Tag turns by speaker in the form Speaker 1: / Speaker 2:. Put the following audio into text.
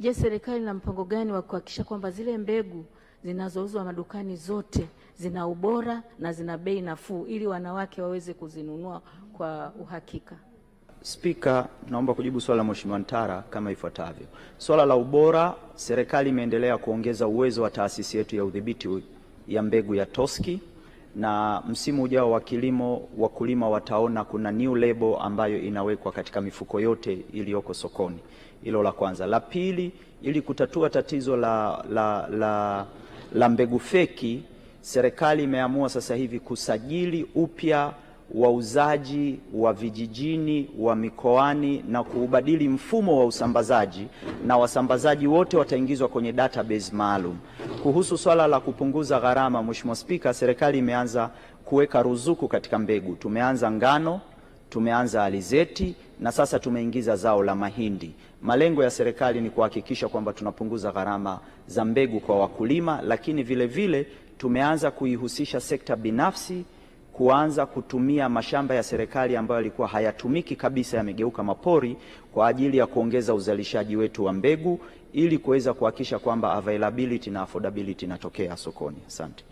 Speaker 1: Je, serikali ina mpango gani wa kuhakikisha kwamba zile mbegu zinazouzwa madukani zote zina ubora na zina bei nafuu ili wanawake waweze kuzinunua kwa uhakika?
Speaker 2: Spika, naomba kujibu swala la Mheshimiwa Ntara kama ifuatavyo. Swala la ubora, serikali imeendelea kuongeza uwezo wa taasisi yetu ya udhibiti ya mbegu ya Toski na msimu ujao wa kilimo wakulima wataona kuna new label ambayo inawekwa katika mifuko yote iliyoko sokoni. Hilo la kwanza. La pili, ili kutatua tatizo la, la, la, la mbegu feki, serikali imeamua sasa hivi kusajili upya wauzaji wa vijijini wa mikoani na kuubadili mfumo wa usambazaji, na wasambazaji wote wataingizwa kwenye database maalum. Kuhusu swala la kupunguza gharama, Mheshimiwa Spika, serikali imeanza kuweka ruzuku katika mbegu. Tumeanza ngano, tumeanza alizeti na sasa tumeingiza zao la mahindi. Malengo ya serikali ni kuhakikisha kwamba tunapunguza gharama za mbegu kwa wakulima, lakini vile vile tumeanza kuihusisha sekta binafsi kuanza kutumia mashamba ya serikali ambayo yalikuwa hayatumiki kabisa, yamegeuka mapori kwa ajili ya kuongeza uzalishaji wetu wa mbegu ili kuweza kuhakikisha kwamba availability na affordability inatokea sokoni. Asante.